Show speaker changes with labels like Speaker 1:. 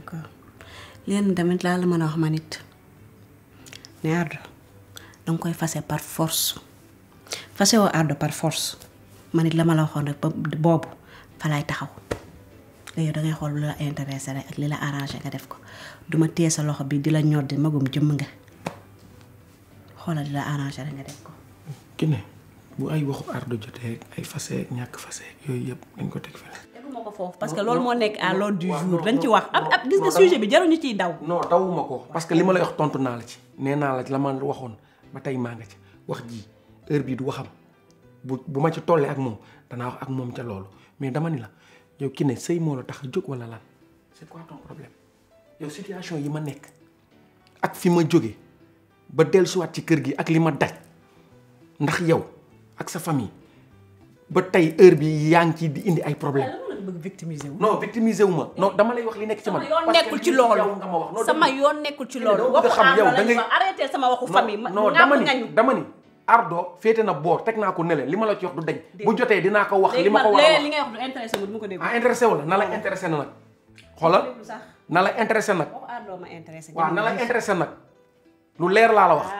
Speaker 1: d'accord leen tamit laa la mën a wax ma nit ne Ardo danga koy fase par force fase woo Ardo par force ma it la ma la waxoon rek boobu fa laay taxaw léegi dangay xool lu la intéressé ak li la arrangé nga def ko duma téye sa loxo bi di la ñor di magum jëmm nga xoolal di la arrangé rek nga def ko
Speaker 2: ki ne bu ay waxu Ardo jotee ay fase ñàkk fase yooyu yëpp dañ ko teg feneen
Speaker 1: ma ko parce que loolu moo nekk à l'ordre du jour dañ ci wax ab ab gis nga sujet bi
Speaker 2: jaruñu ciy daw non dawuma ko parce que li ma lay wax tontu naa la ci nee naa la ci la ma waxoon ba tey maa nga ci wax jii heure bii du waxam bu bu ma ci tollee ak moom danaa wax ak moom ca loolu mais dama ni la yow ki ne sëy moo la tax a jóg wala lan c'est quoi ton situation yi ma nekk ak fi ma jóge ba dellusiwaat ci kër gi ak li ma daj ndax yow ak sa famille ba tey heure bi yaa ngi ci di indi ay problème bëgg victimiser wu. non victimiser wu eh. dama lay wax li nekk ci man. parce que ci loolu sama
Speaker 1: yoon nekkul ci eh, loolu. waxu Ardo lañ fa arrêté sama waxu famille. non dama
Speaker 2: ni Ardo féete na boor teg naa ko ne li ma la ci wax du deñ bu jotee dinaa ko wax li ma ko a wax li
Speaker 1: ngay wax du intéressé wu du ma ko dégg. ah intéressé wu
Speaker 2: na la intéressé na nag. xoolal na la intéressé nag.
Speaker 1: waaw na la intéressé
Speaker 2: nag lu leer laa la wax.
Speaker 1: Ah.